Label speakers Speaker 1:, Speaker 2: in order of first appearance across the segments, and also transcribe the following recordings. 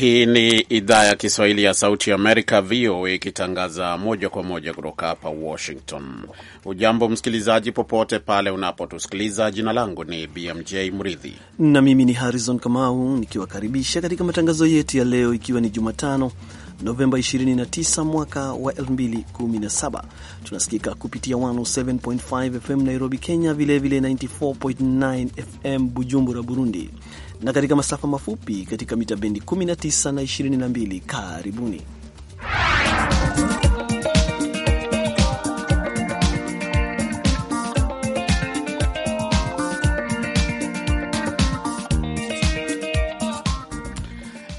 Speaker 1: Hii ni idhaa ya Kiswahili ya Sauti ya Amerika, VOA, ikitangaza moja kwa moja kutoka hapa Washington. Ujambo msikilizaji, popote pale unapotusikiliza. Jina langu ni BMJ Mridhi
Speaker 2: na mimi ni Harrison Kamau, nikiwakaribisha katika matangazo yetu ya leo, ikiwa ni Jumatano Novemba 29 mwaka wa 2017. Tunasikika kupitia 107.5 FM Nairobi, Kenya, vilevile 94.9 FM Bujumbura, Burundi, na katika masafa mafupi katika mita bendi 19 na 22. Karibuni.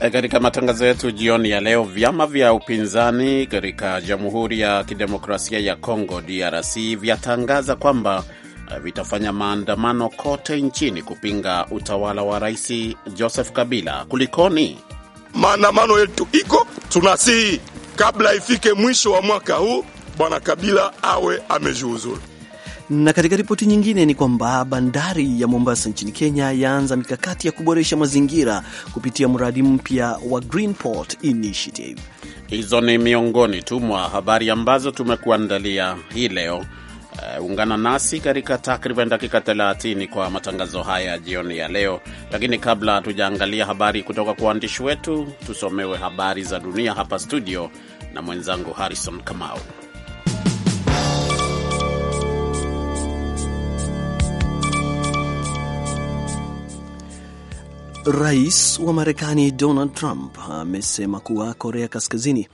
Speaker 1: E, katika matangazo yetu jioni ya leo, vyama vya upinzani katika Jamhuri ya Kidemokrasia ya Kongo DRC vyatangaza kwamba vitafanya maandamano kote nchini kupinga utawala wa Rais Joseph Kabila. Kulikoni?
Speaker 3: Maandamano yetu iko, tunasihi kabla ifike mwisho wa mwaka huu Bwana Kabila awe amejiuzulu.
Speaker 2: Na katika ripoti nyingine ni kwamba bandari ya Mombasa nchini Kenya yaanza mikakati ya kuboresha mazingira kupitia mradi mpya wa Initiative.
Speaker 1: Hizo ni miongoni tu mwa habari ambazo tumekuandalia hii leo Uh, ungana nasi katika takriban dakika 30 kwa matangazo haya jioni ya leo, lakini kabla hatujaangalia habari kutoka kwa waandishi wetu, tusomewe habari za dunia hapa studio na mwenzangu Harrison Kamau.
Speaker 2: Rais wa Marekani Donald Trump amesema kuwa Korea Kaskazini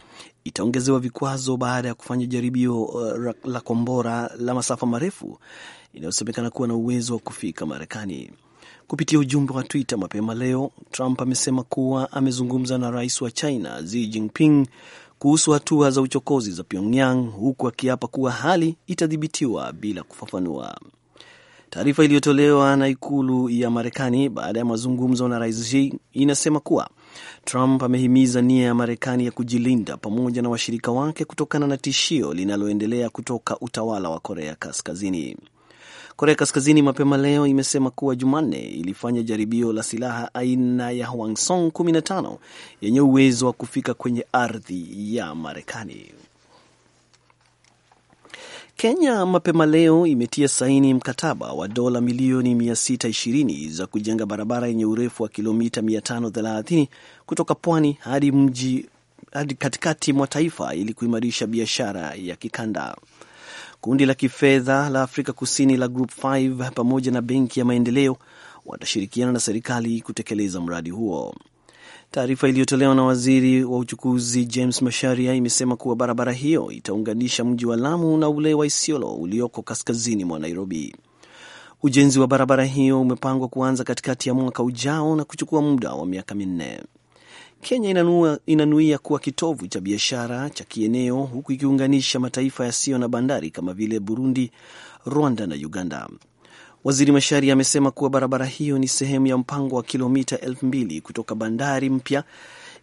Speaker 2: itaongezewa vikwazo baada ya kufanya jaribio uh, la kombora la masafa marefu inayosemekana kuwa na uwezo wa kufika Marekani. Kupitia ujumbe wa Twitter mapema leo, Trump amesema kuwa amezungumza na rais wa China Xi Jinping kuhusu hatua za uchokozi za Pyongyang, huku akiapa kuwa hali itadhibitiwa bila kufafanua. Taarifa iliyotolewa na ikulu ya Marekani baada ya mazungumzo na rais Xi inasema kuwa Trump amehimiza nia ya Marekani ya kujilinda pamoja na washirika wake kutokana na tishio linaloendelea kutoka utawala wa Korea Kaskazini. Korea Kaskazini mapema leo imesema kuwa Jumanne ilifanya jaribio la silaha aina ya Hwangsong 15 yenye uwezo wa kufika kwenye ardhi ya Marekani. Kenya mapema leo imetia saini mkataba wa dola milioni 620 za kujenga barabara yenye urefu wa kilomita 530 kutoka pwani hadi mji hadi katikati mwa taifa ili kuimarisha biashara ya kikanda. Kundi la kifedha la Afrika Kusini la Group 5 pamoja na Benki ya Maendeleo watashirikiana na serikali kutekeleza mradi huo. Taarifa iliyotolewa na waziri wa uchukuzi James Masharia imesema kuwa barabara hiyo itaunganisha mji wa Lamu na ule wa Isiolo ulioko kaskazini mwa Nairobi. Ujenzi wa barabara hiyo umepangwa kuanza katikati ya mwaka ujao na kuchukua muda wa miaka minne. Kenya inanua, inanuia kuwa kitovu cha biashara cha kieneo huku ikiunganisha mataifa yasiyo na bandari kama vile Burundi, Rwanda na Uganda. Waziri mashari amesema kuwa barabara hiyo ni sehemu ya mpango wa kilomita elfu mbili kutoka bandari mpya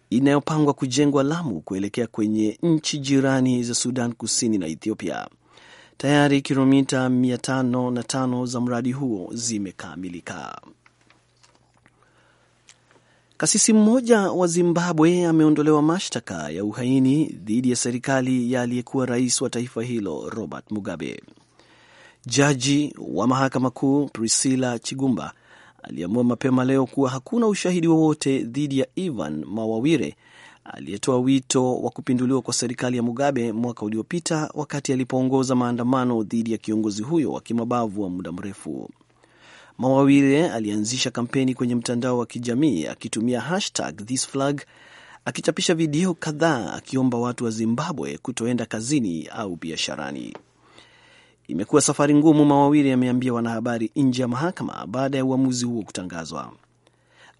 Speaker 2: inayopangwa kujengwa Lamu kuelekea kwenye nchi jirani za Sudan Kusini na Ethiopia. Tayari kilomita 505 za mradi huo zimekamilika. Kasisi mmoja wa Zimbabwe ameondolewa mashtaka ya uhaini dhidi ya serikali ya aliyekuwa rais wa taifa hilo Robert Mugabe. Jaji wa mahakama kuu Priscilla Chigumba aliamua mapema leo kuwa hakuna ushahidi wowote dhidi ya Ivan Mawawire aliyetoa wito wa kupinduliwa kwa serikali ya Mugabe mwaka uliopita wakati alipoongoza maandamano dhidi ya kiongozi huyo wa kimabavu wa muda mrefu. Mawawire alianzisha kampeni kwenye mtandao wa kijamii akitumia hashtag this flag, akichapisha video kadhaa akiomba watu wa Zimbabwe kutoenda kazini au biasharani. Imekuwa safari ngumu, Mawawili ameambia wanahabari nje ya mahakama baada ya uamuzi huo kutangazwa.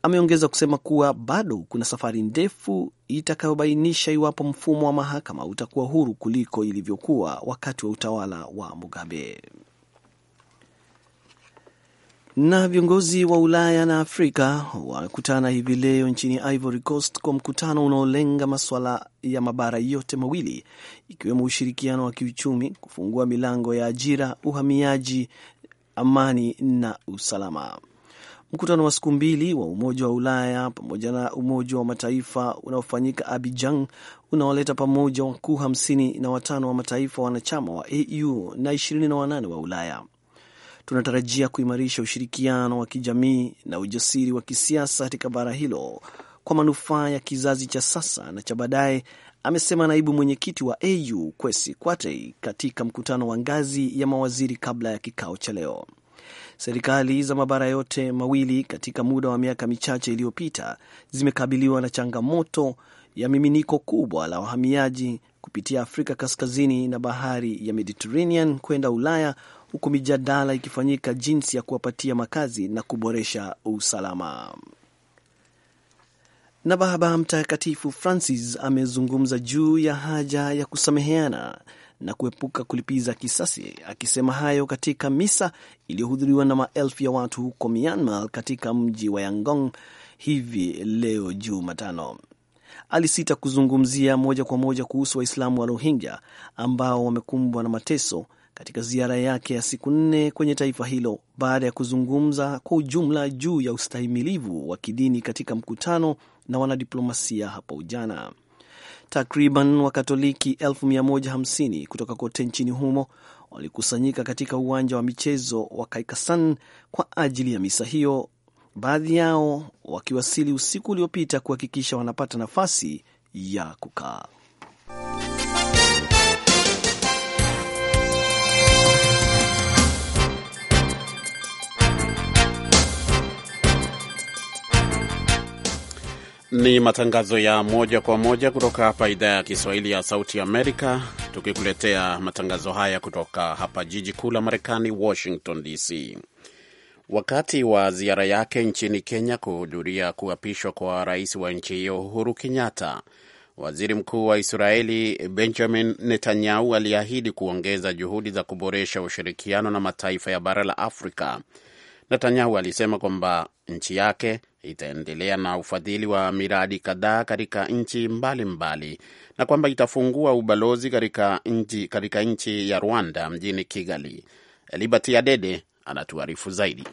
Speaker 2: Ameongeza kusema kuwa bado kuna safari ndefu itakayobainisha iwapo mfumo wa mahakama utakuwa huru kuliko ilivyokuwa wakati wa utawala wa Mugabe. Na viongozi wa Ulaya na Afrika wakutana hivi leo nchini Ivory Coast kwa mkutano unaolenga masuala ya mabara yote mawili ikiwemo ushirikiano wa kiuchumi, kufungua milango ya ajira, uhamiaji, amani na usalama. Mkutano wa siku mbili wa Umoja wa Ulaya pamoja na Umoja wa Mataifa unaofanyika Abidjan unaoleta pamoja wakuu hamsini na watano wa mataifa wanachama wa AU na 28 wa Ulaya tunatarajia kuimarisha ushirikiano wa kijamii na ujasiri wa kisiasa katika bara hilo kwa manufaa ya kizazi cha sasa na cha baadaye, amesema naibu mwenyekiti wa AU Kwesi Kwatei katika mkutano wa ngazi ya mawaziri kabla ya kikao cha leo. Serikali za mabara yote mawili katika muda wa miaka michache iliyopita zimekabiliwa na changamoto ya miminiko kubwa la wahamiaji kupitia Afrika Kaskazini na bahari ya Mediterranean kwenda Ulaya huku mijadala ikifanyika jinsi ya kuwapatia makazi na kuboresha usalama. Na Baba Mtakatifu Francis amezungumza juu ya haja ya kusameheana na kuepuka kulipiza kisasi, akisema hayo katika misa iliyohudhuriwa na maelfu ya watu huko Myanmar katika mji wa Yangon hivi leo Jumatano. Alisita kuzungumzia moja kwa moja kuhusu Waislamu wa Rohingya ambao wamekumbwa na mateso katika ziara yake ya siku nne kwenye taifa hilo baada ya kuzungumza kwa ujumla juu ya ustahimilivu wa kidini katika mkutano na wanadiplomasia hapo jana. Takriban Wakatoliki 150 kutoka kote nchini humo walikusanyika katika uwanja wa michezo wa Kaikasan kwa ajili ya misa hiyo, baadhi yao wakiwasili usiku uliopita kuhakikisha wanapata nafasi ya kukaa.
Speaker 1: Ni matangazo ya moja kwa moja kutoka hapa idhaa ya Kiswahili ya Sauti Amerika, tukikuletea matangazo haya kutoka hapa jiji kuu la Marekani, Washington DC. Wakati wa ziara yake nchini Kenya kuhudhuria kuapishwa kwa rais wa nchi hiyo Uhuru Kenyatta, waziri mkuu wa Israeli Benjamin Netanyahu aliahidi kuongeza juhudi za kuboresha ushirikiano na mataifa ya bara la Afrika. Netanyahu alisema kwamba nchi yake itaendelea na ufadhili wa miradi kadhaa katika nchi mbalimbali na kwamba itafungua ubalozi katika nchi katika nchi ya Rwanda mjini Kigali. Liberty Adede anatuarifu zaidi.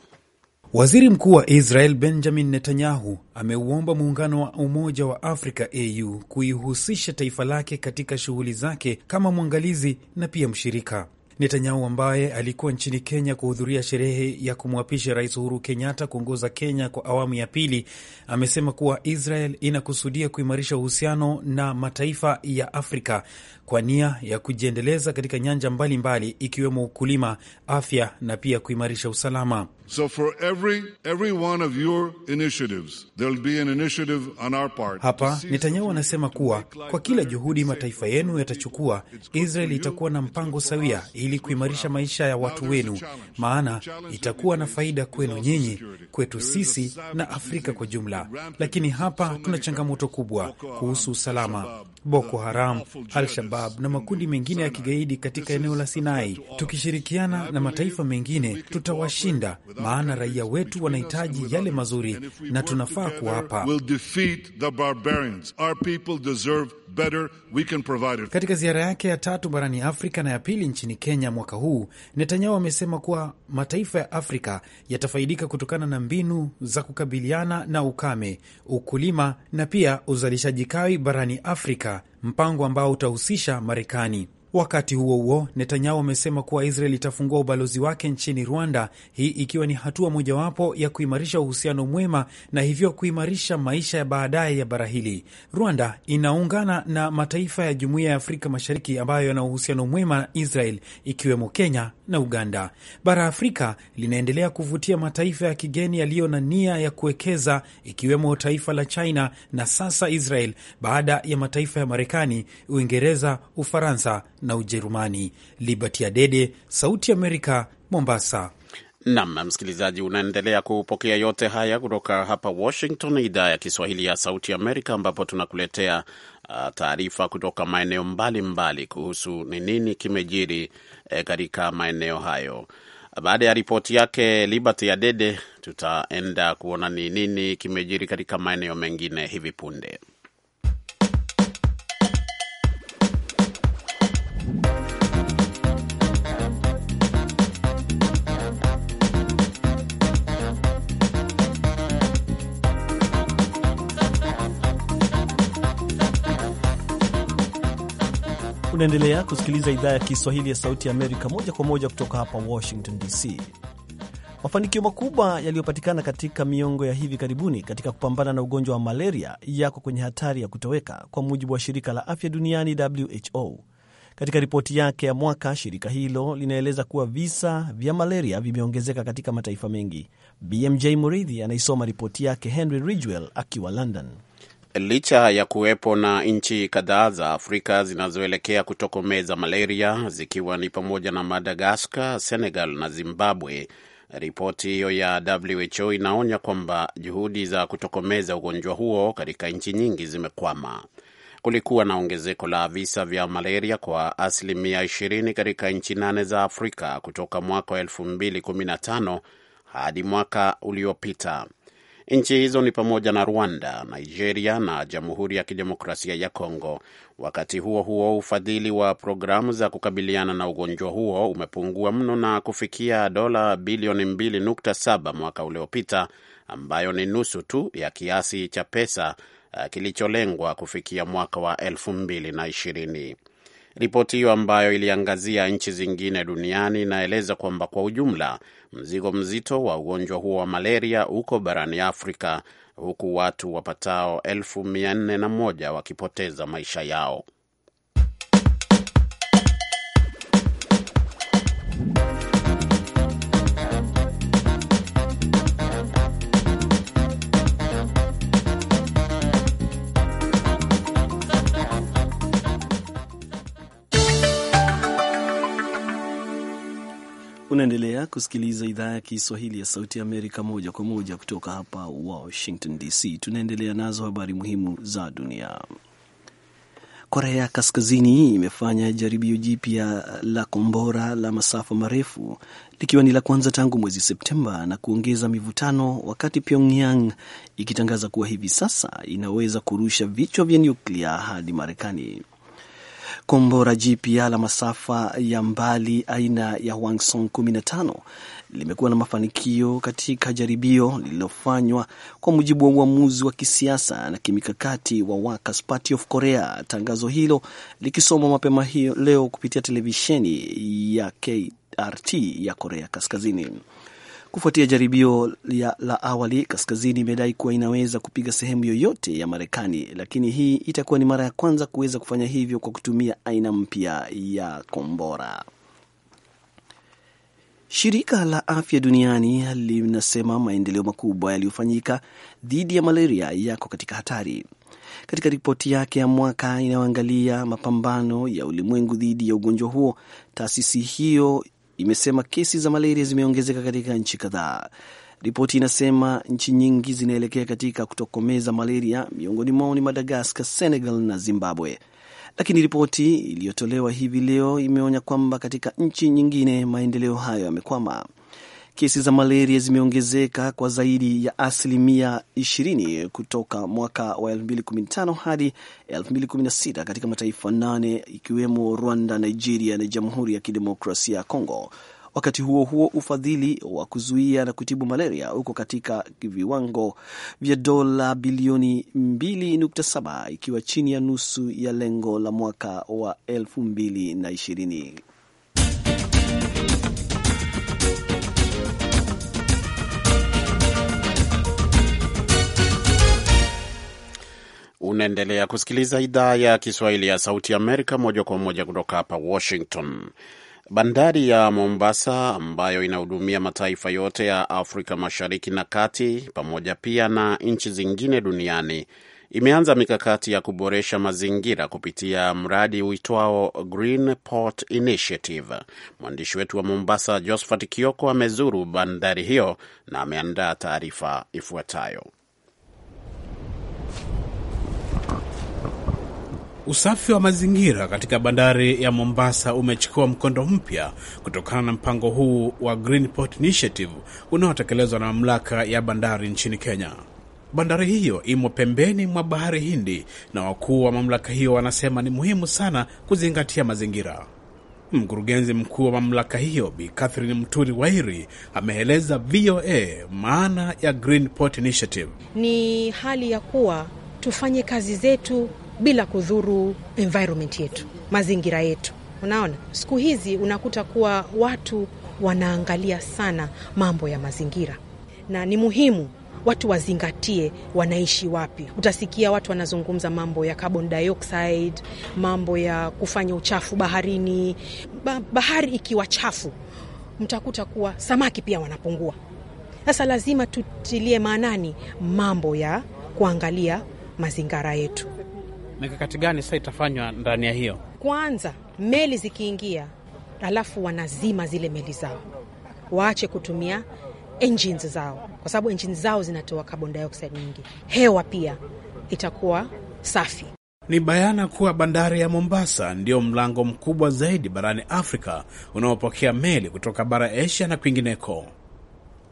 Speaker 4: Waziri Mkuu wa Israel Benjamin Netanyahu ameuomba muungano wa Umoja wa Afrika AU kuihusisha taifa lake katika shughuli zake kama mwangalizi na pia mshirika. Netanyahu ambaye alikuwa nchini Kenya kuhudhuria sherehe ya kumwapisha Rais Uhuru Kenyatta kuongoza Kenya kwa awamu ya pili, amesema kuwa Israel inakusudia kuimarisha uhusiano na mataifa ya Afrika kwa nia ya kujiendeleza katika nyanja mbalimbali mbali, ikiwemo ukulima, afya na pia kuimarisha usalama.
Speaker 5: So for every, every one of your initiatives, there'll be an initiative on our part. Hapa
Speaker 4: Netanyahu anasema kuwa kwa kila juhudi mataifa yenu yatachukua, israel itakuwa na mpango sawia ili kuimarisha maisha ya watu wenu, maana itakuwa na faida kwenu nyinyi, kwetu sisi na Afrika kwa jumla. Lakini hapa tuna changamoto kubwa kuhusu usalama. Boko Haram, Al-Shabab na makundi mengine ya kigaidi katika eneo la Sinai, tukishirikiana na mataifa mengine tutawashinda maana raia wetu wanahitaji yale mazuri na tunafaa kuwapa. Katika ziara yake ya tatu barani Afrika na ya pili nchini Kenya mwaka huu, Netanyahu amesema kuwa mataifa ya Afrika yatafaidika kutokana na mbinu za kukabiliana na ukame, ukulima na pia uzalishaji kawi barani Afrika, mpango ambao utahusisha Marekani. Wakati huo huo, Netanyahu amesema kuwa Israel itafungua ubalozi wake nchini Rwanda, hii ikiwa ni hatua mojawapo ya kuimarisha uhusiano mwema na hivyo kuimarisha maisha ya baadaye ya bara hili. Rwanda inaungana na mataifa ya Jumuiya ya Afrika Mashariki ambayo yana uhusiano mwema na Israel, ikiwemo Kenya na Uganda. Bara Afrika linaendelea kuvutia mataifa ya kigeni yaliyo na nia ya kuwekeza ikiwemo taifa la China na sasa Israel baada ya mataifa ya Marekani, Uingereza, Ufaransa na Ujerumani. Liberty Adede, Sauti Amerika, Mombasa.
Speaker 1: Nam msikilizaji, unaendelea kupokea yote haya kutoka hapa Washington, idhaa ya Kiswahili ya Sauti Amerika, ambapo tunakuletea uh, taarifa kutoka maeneo mbalimbali mbali kuhusu ni nini kimejiri eh, katika maeneo hayo. Baada ya ripoti yake Liberty Dede, tutaenda kuona ni nini kimejiri katika maeneo mengine hivi punde.
Speaker 2: Unaendelea kusikiliza idhaa ya Kiswahili ya Sauti ya Amerika moja kwa moja kutoka hapa Washington DC. Mafanikio makubwa yaliyopatikana katika miongo ya hivi karibuni katika kupambana na ugonjwa wa malaria yako kwenye hatari ya kutoweka, kwa mujibu wa shirika la afya duniani WHO. Katika ripoti yake ya mwaka, shirika hilo linaeleza kuwa visa vya malaria vimeongezeka katika mataifa mengi. BMJ Muridhi anaisoma ripoti yake Henry Ridgwell akiwa London.
Speaker 1: Licha ya kuwepo na nchi kadhaa za Afrika zinazoelekea kutokomeza malaria zikiwa ni pamoja na Madagaskar, Senegal na Zimbabwe, ripoti hiyo ya WHO inaonya kwamba juhudi za kutokomeza ugonjwa huo katika nchi nyingi zimekwama. Kulikuwa na ongezeko la visa vya malaria kwa asilimia 20 katika nchi nane za Afrika kutoka mwaka wa 2015 hadi mwaka uliopita. Nchi hizo ni pamoja na Rwanda, Nigeria na Jamhuri ya Kidemokrasia ya Kongo. Wakati huo huo, ufadhili wa programu za kukabiliana na ugonjwa huo umepungua mno na kufikia dola bilioni 2.7 mwaka uliopita, ambayo ni nusu tu ya kiasi cha pesa eh, kilicholengwa kufikia mwaka wa ishirini Ripoti hiyo ambayo iliangazia nchi zingine duniani inaeleza kwamba kwa ujumla mzigo mzito wa ugonjwa huo wa malaria uko barani Afrika, huku watu wapatao elfu mia nne na moja wakipoteza maisha yao.
Speaker 2: Unaendelea kusikiliza idhaa ya Kiswahili ya Sauti ya Amerika moja kwa moja kutoka hapa Washington DC. Tunaendelea nazo habari muhimu za dunia. Korea Kaskazini imefanya jaribio jipya la kombora la masafa marefu likiwa ni la kwanza tangu mwezi Septemba na kuongeza mivutano, wakati Pyongyang ikitangaza kuwa hivi sasa inaweza kurusha vichwa vya nyuklia hadi Marekani. Kombora jipya la masafa ya mbali aina ya Hwasong 15 limekuwa na mafanikio katika jaribio lililofanywa kwa mujibu wa uamuzi wa kisiasa na kimikakati wa Workers Party of Korea. Tangazo hilo likisomwa mapema hiyo leo kupitia televisheni ya KRT ya Korea Kaskazini kufuatia jaribio la awali. Kaskazini imedai kuwa inaweza kupiga sehemu yoyote ya Marekani, lakini hii itakuwa ni mara ya kwanza kuweza kufanya hivyo kwa kutumia aina mpya ya kombora. Shirika la Afya Duniani linasema maendeleo makubwa yaliyofanyika dhidi ya malaria yako katika hatari. Katika ripoti yake ya mwaka inayoangalia mapambano ya ulimwengu dhidi ya ugonjwa huo, taasisi hiyo imesema kesi za malaria zimeongezeka katika nchi kadhaa. Ripoti inasema nchi nyingi zinaelekea katika kutokomeza malaria, miongoni mwao ni Madagaskar, Senegal na Zimbabwe. Lakini ripoti iliyotolewa hivi leo imeonya kwamba katika nchi nyingine maendeleo hayo yamekwama kesi za malaria zimeongezeka kwa zaidi ya asilimia 20 kutoka mwaka wa 2015 hadi 2016 katika mataifa nane ikiwemo Rwanda, Nigeria na Jamhuri ya Kidemokrasia ya Kongo. Wakati huo huo, ufadhili wa kuzuia na kutibu malaria uko katika viwango vya dola bilioni 2.7 ikiwa chini ya nusu ya lengo la mwaka wa 2020.
Speaker 1: Unaendelea kusikiliza idhaa ya Kiswahili ya Sauti Amerika moja kwa moja kutoka hapa Washington. Bandari ya Mombasa ambayo inahudumia mataifa yote ya Afrika Mashariki na Kati pamoja pia na nchi zingine duniani imeanza mikakati ya kuboresha mazingira kupitia mradi uitwao Green Port Initiative. Mwandishi wetu wa Mombasa, Josphat Kioko, amezuru bandari hiyo na ameandaa taarifa ifuatayo.
Speaker 3: Usafi wa mazingira katika bandari ya Mombasa umechukua mkondo mpya kutokana na mpango huu wa Green Port Initiative unaotekelezwa na mamlaka ya bandari nchini Kenya. Bandari hiyo imo pembeni mwa bahari Hindi na wakuu wa mamlaka hiyo wanasema ni muhimu sana kuzingatia mazingira. Mkurugenzi mkuu wa mamlaka hiyo Bi Catherine Mturi Wairi ameeleza VOA maana ya Green Port Initiative.
Speaker 6: Ni hali ya kuwa tufanye kazi zetu bila kudhuru environment yetu, mazingira yetu. Unaona, siku hizi unakuta kuwa watu wanaangalia sana mambo ya mazingira, na ni muhimu watu wazingatie wanaishi wapi. Utasikia watu wanazungumza mambo ya carbon dioxide, mambo ya kufanya uchafu baharini. Ba bahari ikiwa chafu, mtakuta kuwa samaki pia wanapungua. Sasa lazima tutilie maanani mambo ya kuangalia mazingira yetu
Speaker 3: mikakati gani sasa itafanywa ndani ya hiyo?
Speaker 6: Kwanza meli zikiingia, alafu wanazima zile meli zao, waache kutumia engines zao, kwa sababu engines zao zinatoa carbon dioxide nyingi. Hewa pia itakuwa safi.
Speaker 3: Ni bayana kuwa bandari ya Mombasa ndio mlango mkubwa zaidi barani Afrika unaopokea meli kutoka bara Asia na kwingineko.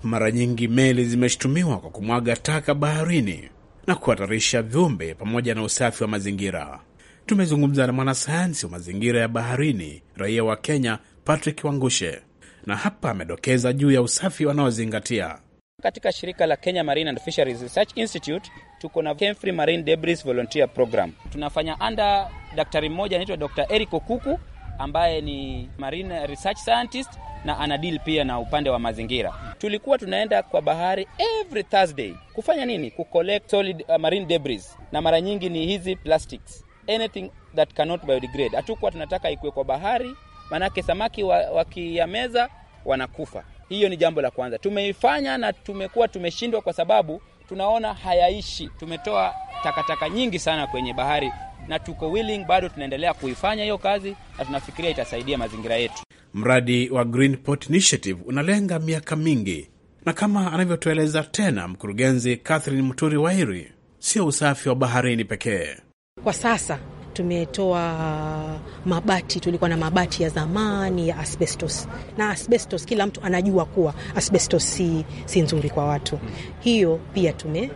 Speaker 3: Mara nyingi meli zimeshutumiwa kwa kumwaga taka baharini na kuhatarisha viumbe pamoja na usafi wa mazingira. Tumezungumza na mwanasayansi wa mazingira ya baharini, raia wa Kenya, Patrick Wangushe, na hapa amedokeza juu ya usafi wanaozingatia
Speaker 4: katika shirika la Kenya Marine and Fisheries Research Institute tuko na Kemfri Marine Debris Volunteer Program. Tunafanya anda daktari mmoja anaitwa Dr. Eric Okuku ambaye ni marine research scientist na anadili pia na upande wa mazingira. Tulikuwa tunaenda kwa bahari every Thursday kufanya nini? Kucollect solid uh, marine debris, na mara nyingi ni hizi plastics, anything that cannot biodegrade. Hatukuwa tunataka ikuwe kwa bahari, maanake samaki wakiyameza wa wanakufa. Hiyo ni jambo la kwanza tumeifanya, na tumekuwa tumeshindwa kwa sababu tunaona hayaishi. Tumetoa takataka nyingi sana kwenye bahari na tuko willing, bado tunaendelea kuifanya hiyo kazi na tunafikiria itasaidia mazingira yetu.
Speaker 3: Mradi wa Greenport Initiative unalenga miaka mingi, na kama anavyotueleza tena mkurugenzi Catherine Muturi Wairi, sio usafi wa baharini pekee
Speaker 6: kwa sasa tumetoa mabati. Tulikuwa na mabati ya zamani ya asbestos, na asbestos kila mtu anajua kuwa asbestos si, si nzuri kwa watu. Hiyo pia tume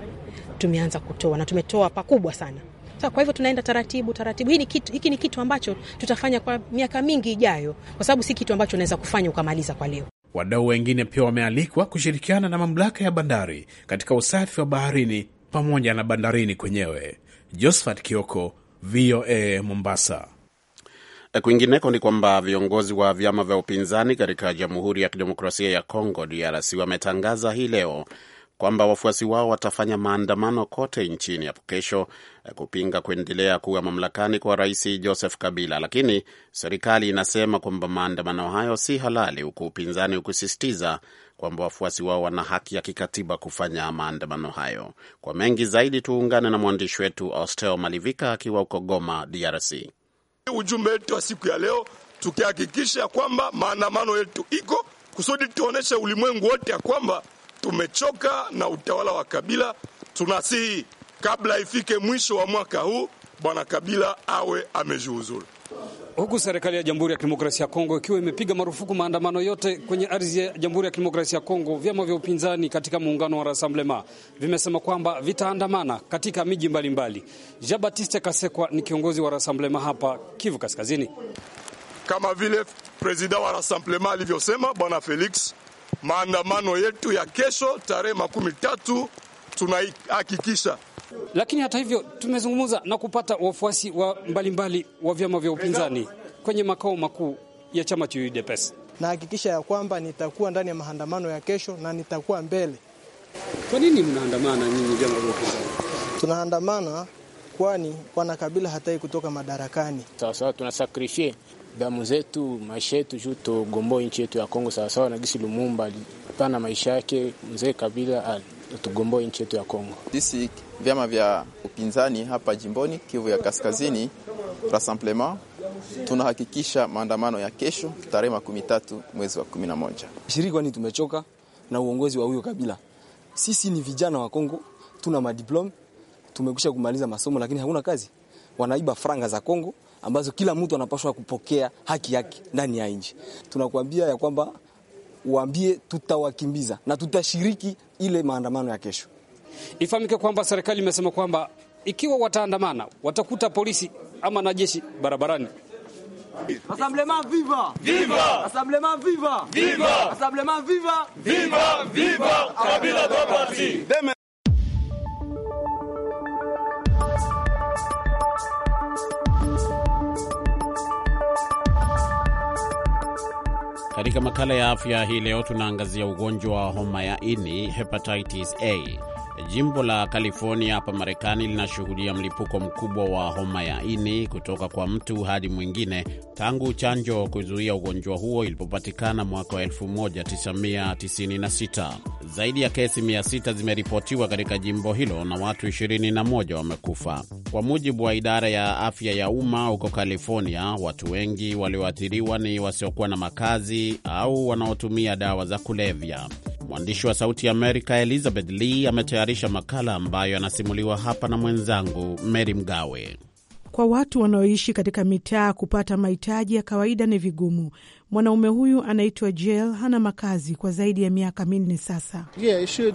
Speaker 6: tumeanza kutoa na tumetoa pakubwa sana. Sasa kwa hivyo tunaenda taratibu taratibu. Hii ni kitu, hiki ni kitu ambacho tutafanya kwa miaka mingi ijayo, kwa sababu si kitu ambacho unaweza kufanya ukamaliza kwa leo.
Speaker 3: Wadau wengine pia wamealikwa kushirikiana na mamlaka ya bandari katika usafi wa baharini pamoja na bandarini kwenyewe. Josephat Kioko, VOA Mombasa.
Speaker 1: E, kwingineko ni kwamba viongozi wa vyama vya upinzani katika Jamhuri ya Kidemokrasia ya Kongo DRC wametangaza hii leo kwamba wafuasi wao watafanya maandamano kote nchini hapo kesho eh, kupinga kuendelea kuwa mamlakani kwa Rais Joseph Kabila, lakini serikali inasema kwamba maandamano hayo si halali, huku upinzani ukisisitiza kwamba wafuasi wao wana haki ya kikatiba kufanya maandamano hayo. Kwa mengi zaidi, tuungane na mwandishi wetu Austel Malivika akiwa huko Goma, DRC.
Speaker 3: Ujumbe wetu wa siku ya leo tukihakikisha kwamba maandamano yetu iko kusudi tuonyeshe ulimwengu wote ya kwamba Tumechoka na utawala wa Kabila. Tunasihi kabla ifike mwisho wa mwaka huu bwana Kabila awe amejiuzulu. Huku serikali ya Jamhuri ya Kidemokrasia ya Kongo ikiwa imepiga marufuku maandamano yote kwenye ardhi ya Jamhuri ya Kidemokrasia ya Kongo, vyama vya upinzani katika muungano wa Rassemblement vimesema kwamba vitaandamana katika miji mbalimbali. Jean Baptiste Kasekwa ni kiongozi wa Rassemblement hapa Kivu Kaskazini. Kama vile prezida wa Rassemblement alivyosema bwana Felix maandamano yetu ya kesho tarehe makumi tatu tunahakikisha. Lakini hata hivyo tumezungumza na kupata wafuasi wa mbalimbali wa vyama vya upinzani kwenye makao makuu ya chama cha UDPS. Nahakikisha ya kwamba nitakuwa ndani ya maandamano ya kesho na nitakuwa mbele. Kwa nini mnaandamana nyinyi vyama vya upinzani? Tunaandamana kwani Bwana Kabila hataki kutoka madarakani. Sasa tunasakrifie damu zetu, maisha yetu juu tugomboe nchi yetu ya Kongo sawasawa na gisi Lumumba alipana maisha yake mzee Kabila
Speaker 1: tugomboe nchi yetu ya Kongo. Sisi vyama vya upinzani hapa jimboni Kivu ya Kaskazini, Rassemblement, tunahakikisha maandamano ya kesho tarehe
Speaker 7: makumi tatu mwezi wa kumi na moja shiriki, kwani tumechoka na uongozi wa huyo Kabila. Sisi ni vijana wa Kongo, tuna madiplome tumekwisha kumaliza masomo, lakini hakuna kazi, wanaiba franga za Kongo ambazo kila mtu anapaswa kupokea haki yake ndani ya nchi. Tunakuambia ya kwamba uambie tutawakimbiza na tutashiriki ile
Speaker 3: maandamano ya kesho. Ifahamike kwamba serikali imesema kwamba ikiwa wataandamana watakuta polisi ama na jeshi barabarani. Assemblement viva! Viva!
Speaker 7: Assemblement viva! Viva! Assemblement viva! Viva!
Speaker 3: Viva! Kabila doit
Speaker 1: Katika makala ya afya hii leo tunaangazia ugonjwa wa homa ya ini hepatitis A. Jimbo la California hapa Marekani linashuhudia mlipuko mkubwa wa homa ya ini kutoka kwa mtu hadi mwingine tangu chanjo kuzuia ugonjwa huo ilipopatikana mwaka wa 1996. Zaidi ya kesi 600 zimeripotiwa katika jimbo hilo na watu 21 wamekufa, kwa mujibu wa idara ya afya ya umma huko California. Watu wengi walioathiriwa ni wasiokuwa na makazi au wanaotumia dawa za kulevya. Mwandishi wa Sauti ya Amerika Elizabeth Lee ametayarisha makala ambayo anasimuliwa hapa na mwenzangu Mary Mgawe.
Speaker 5: Kwa watu wanaoishi katika mitaa kupata mahitaji ya kawaida ni vigumu. Mwanaume huyu anaitwa Jel hana makazi kwa zaidi ya miaka minne sasa.
Speaker 3: Yeah, you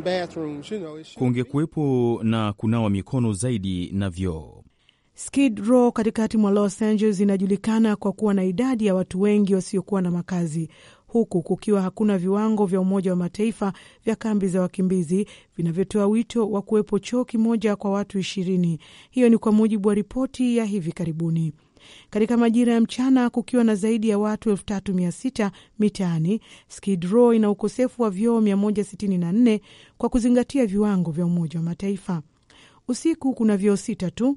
Speaker 3: know,
Speaker 7: kungekuwepo na kunawa mikono zaidi na vyoo.
Speaker 5: Skid Row katikati mwa Los Angeles inajulikana kwa kuwa na idadi ya watu wengi wasiokuwa na makazi huku kukiwa hakuna viwango vya Umoja wa Mataifa vya kambi za wakimbizi vinavyotoa wito wa kuwepo choo kimoja kwa watu ishirini. Hiyo ni kwa mujibu wa ripoti ya hivi karibuni. Katika majira ya mchana kukiwa na zaidi ya watu elfu tatu mia sita mitaani, Skid Row ina ukosefu wa vyoo 164 kwa kuzingatia viwango vya Umoja wa Mataifa. Usiku kuna vyoo sita tu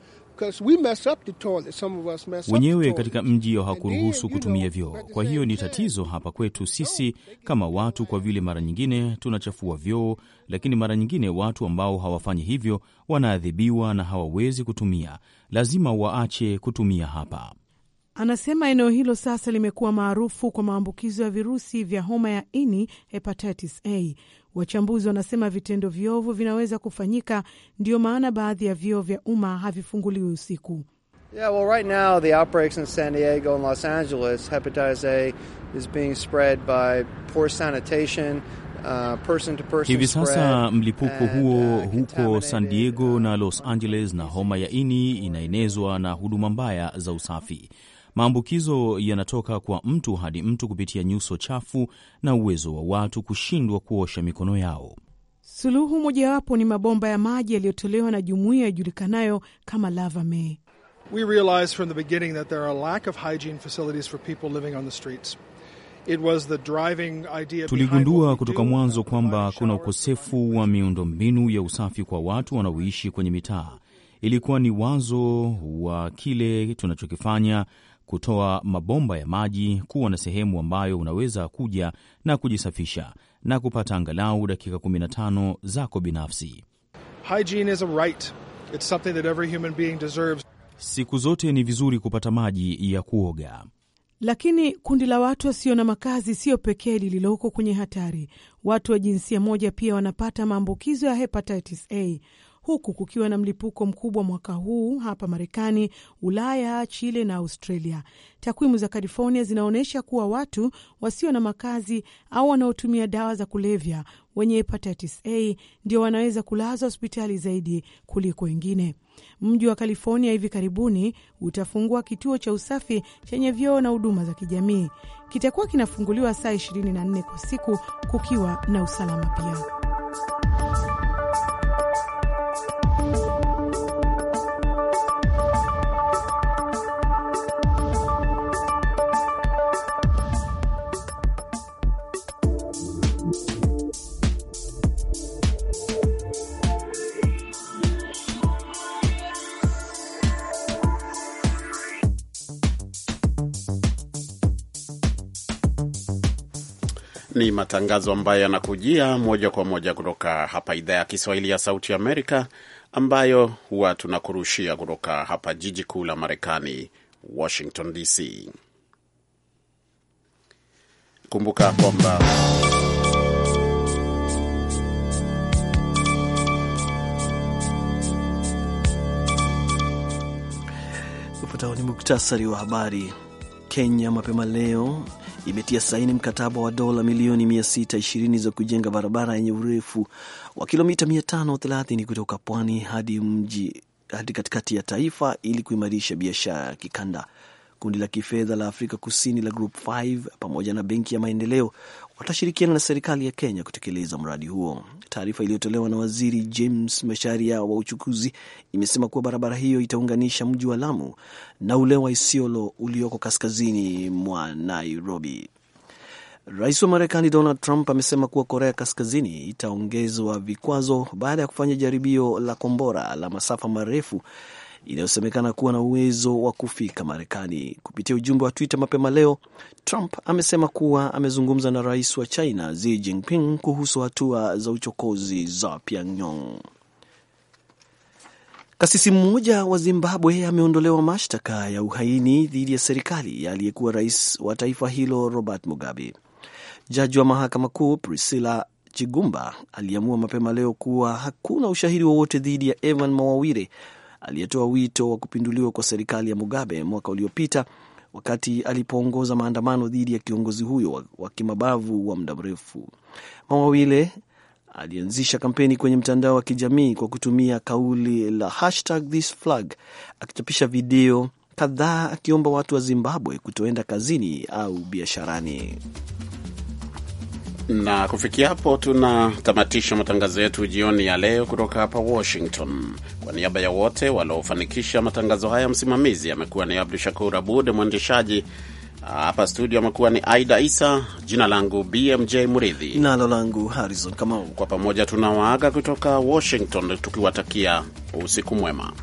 Speaker 3: wenyewe katika
Speaker 7: mji hakuruhusu kutumia vyoo. Kwa hiyo ni tatizo hapa kwetu sisi kama watu, kwa vile mara nyingine tunachafua vyoo, lakini mara nyingine watu ambao hawafanyi hivyo wanaadhibiwa na hawawezi kutumia, lazima waache kutumia hapa.
Speaker 5: Anasema eneo hilo sasa limekuwa maarufu kwa maambukizo ya virusi vya homa ya ini, hepatitis A. Wachambuzi wanasema vitendo viovu vinaweza kufanyika, ndiyo maana baadhi ya vyoo vya umma havifunguliwi usiku. Yeah, well, right now the outbreaks in San Diego and Los Angeles, hepatitis A is being spread by poor sanitation. Uh, person to person hivi sasa mlipuko
Speaker 7: huo uh, huko San Diego uh, na Los Angeles na homa ya ini inaenezwa na huduma mbaya za usafi. Maambukizo yanatoka kwa mtu hadi mtu kupitia nyuso chafu na uwezo wa watu kushindwa kuosha mikono yao.
Speaker 5: Suluhu mojawapo ni mabomba ya maji yaliyotolewa na jumuiya ijulikanayo kama Lava
Speaker 6: We realized from the beginning that there are a lack of hygiene facilities for people living on the streets. It was the driving idea. Tuligundua
Speaker 7: kutoka mwanzo kwamba kuna ukosefu wa miundombinu ya usafi kwa watu wanaoishi kwenye mitaa. Ilikuwa ni wazo wa kile tunachokifanya kutoa mabomba ya maji, kuwa na sehemu ambayo unaweza kuja na kujisafisha na kupata angalau dakika 15 zako binafsi.
Speaker 6: Hygiene is a right. It's something that every human being deserves.
Speaker 7: Siku zote ni vizuri kupata maji ya kuoga.
Speaker 5: Lakini kundi la watu wasio na makazi sio pekee lililoko kwenye hatari. Watu wa jinsia moja pia wanapata maambukizo ya hepatitis A huku kukiwa na mlipuko mkubwa mwaka huu hapa Marekani, Ulaya, Chile na Australia. Takwimu za California zinaonyesha kuwa watu wasio na makazi au wanaotumia dawa za kulevya wenye hepatitis A ndio wanaweza kulazwa hospitali zaidi kuliko wengine. Mji wa California hivi karibuni utafungua kituo cha usafi chenye vyoo na huduma za kijamii. Kitakuwa kinafunguliwa saa 24 kwa siku kukiwa na usalama pia.
Speaker 1: Ni matangazo ambayo yanakujia moja kwa moja kutoka hapa idhaa ya Kiswahili ya Sauti Amerika, ambayo huwa tunakurushia kutoka hapa jiji kuu la Marekani, Washington DC. Kumbuka kwamba
Speaker 2: ufuatao ni muktasari wa habari. Kenya mapema leo imetia saini mkataba wa dola milioni 620 za kujenga barabara yenye urefu wa kilomita 530 kutoka pwani hadi mji hadi katikati ya taifa ili kuimarisha biashara ya kikanda. Kundi la kifedha la Afrika Kusini la Group 5 pamoja na Benki ya Maendeleo watashirikiana na serikali ya Kenya kutekeleza mradi huo. Taarifa iliyotolewa na waziri James Masharia wa uchukuzi imesema kuwa barabara hiyo itaunganisha mji wa Lamu na ule wa Isiolo ulioko kaskazini mwa Nairobi. Rais wa Marekani Donald Trump amesema kuwa Korea Kaskazini itaongezwa vikwazo baada ya kufanya jaribio la kombora la masafa marefu inayosemekana kuwa na uwezo wa kufika Marekani. Kupitia ujumbe wa Twitter mapema leo, Trump amesema kuwa amezungumza na rais wa China Xi Jinping kuhusu hatua za uchokozi za Pyongyang. Kasisi mmoja wa Zimbabwe ameondolewa mashtaka ya uhaini dhidi ya serikali aliyekuwa rais wa taifa hilo Robert Mugabe. Jaji wa mahakama kuu Priscilla Chigumba aliamua mapema leo kuwa hakuna ushahidi wowote dhidi ya Evan Mawawire aliyetoa wito wa kupinduliwa kwa serikali ya Mugabe mwaka uliopita wakati alipoongoza maandamano dhidi ya kiongozi huyo wa kimabavu wa muda mrefu. Mawawile alianzisha kampeni kwenye mtandao wa kijamii kwa kutumia kauli la hashtag this flag, akichapisha video kadhaa akiomba watu wa Zimbabwe kutoenda kazini au biasharani.
Speaker 1: Na kufikia hapo tunatamatisha matangazo yetu jioni ya leo kutoka hapa Washington. Kwa niaba ya wote waliofanikisha matangazo haya, msimamizi amekuwa ni Abdu Shakur Abud, mwendeshaji hapa studio amekuwa ni Aida Isa. Jina langu BMJ Muridhi, nalo langu Harrison Kamau. Kwa pamoja tunawaaga kutoka Washington tukiwatakia usiku mwema.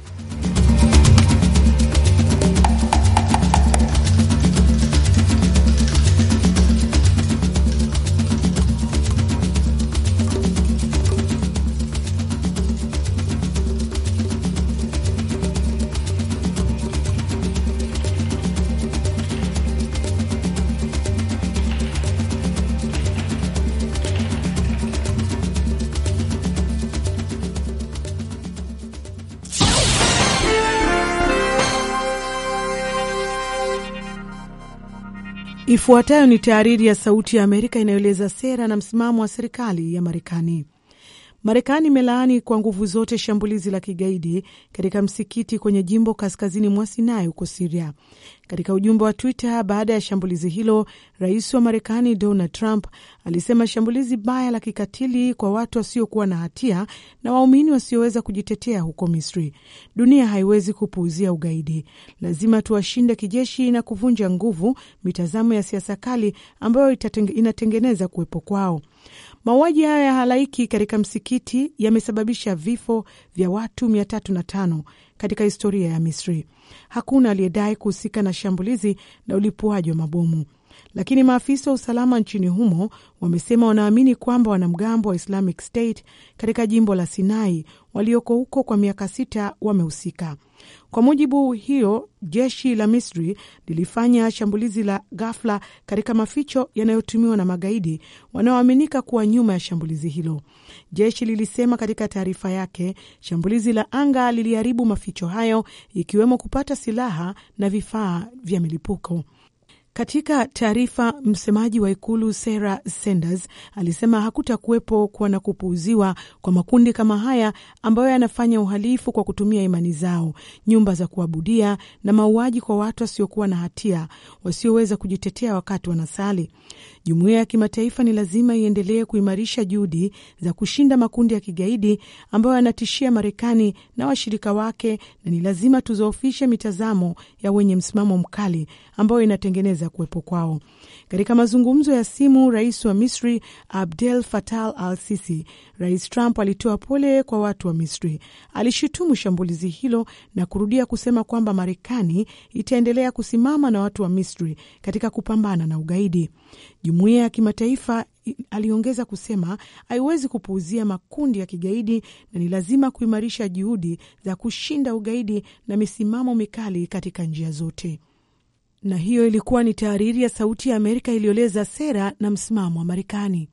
Speaker 5: Ifuatayo ni taariri ya Sauti ya Amerika inayoeleza sera na msimamo wa serikali ya Marekani. Marekani imelaani kwa nguvu zote shambulizi la kigaidi katika msikiti kwenye jimbo kaskazini mwa Sinai huko Siria. Katika ujumbe wa Twitter baada ya shambulizi hilo, rais wa Marekani Donald Trump alisema shambulizi baya la kikatili kwa watu wasiokuwa na hatia na waumini wasioweza kujitetea huko Misri. Dunia haiwezi kupuuzia ugaidi, lazima tuwashinde kijeshi na kuvunja nguvu mitazamo ya siasa kali ambayo inatengeneza kuwepo kwao. Mauaji hayo ya halaiki katika msikiti yamesababisha vifo vya watu tano katika historia ya Misri. Hakuna aliyedai kuhusika na shambulizi na ulipuaji wa mabomu lakini maafisa wa usalama nchini humo wamesema wanaamini kwamba wanamgambo wa Islamic State katika jimbo la Sinai walioko huko kwa miaka sita wamehusika. Kwa mujibu hiyo, jeshi la Misri lilifanya shambulizi la ghafla katika maficho yanayotumiwa na magaidi wanaoaminika kuwa nyuma ya shambulizi hilo. Jeshi lilisema katika taarifa yake, shambulizi la anga liliharibu maficho hayo, ikiwemo kupata silaha na vifaa vya milipuko. Katika taarifa, msemaji wa ikulu Sarah Sanders alisema hakutakuwepo kuwa na kupuuziwa kwa makundi kama haya ambayo yanafanya uhalifu kwa kutumia imani zao, nyumba za kuabudia na mauaji kwa watu wasiokuwa na hatia wasioweza kujitetea wakati wanasali. Jumuiya ya kimataifa ni lazima iendelee kuimarisha juhudi za kushinda makundi ya kigaidi ambayo yanatishia Marekani na washirika wake, na ni lazima tuzoofishe mitazamo ya wenye msimamo mkali ambayo inatengeneza ya kuwepo kwao. Katika mazungumzo ya simu, rais wa Misri Abdel Fattah al Sisi, Rais Trump alitoa pole kwa watu wa Misri, alishutumu shambulizi hilo na kurudia kusema kwamba Marekani itaendelea kusimama na watu wa Misri katika kupambana na ugaidi. Jumuiya ya kimataifa aliongeza kusema haiwezi kupuuzia makundi ya kigaidi na ni lazima kuimarisha juhudi za kushinda ugaidi na misimamo mikali katika njia zote. Na hiyo ilikuwa ni tahariri ya Sauti ya Amerika iliyoeleza sera na msimamo wa Marekani.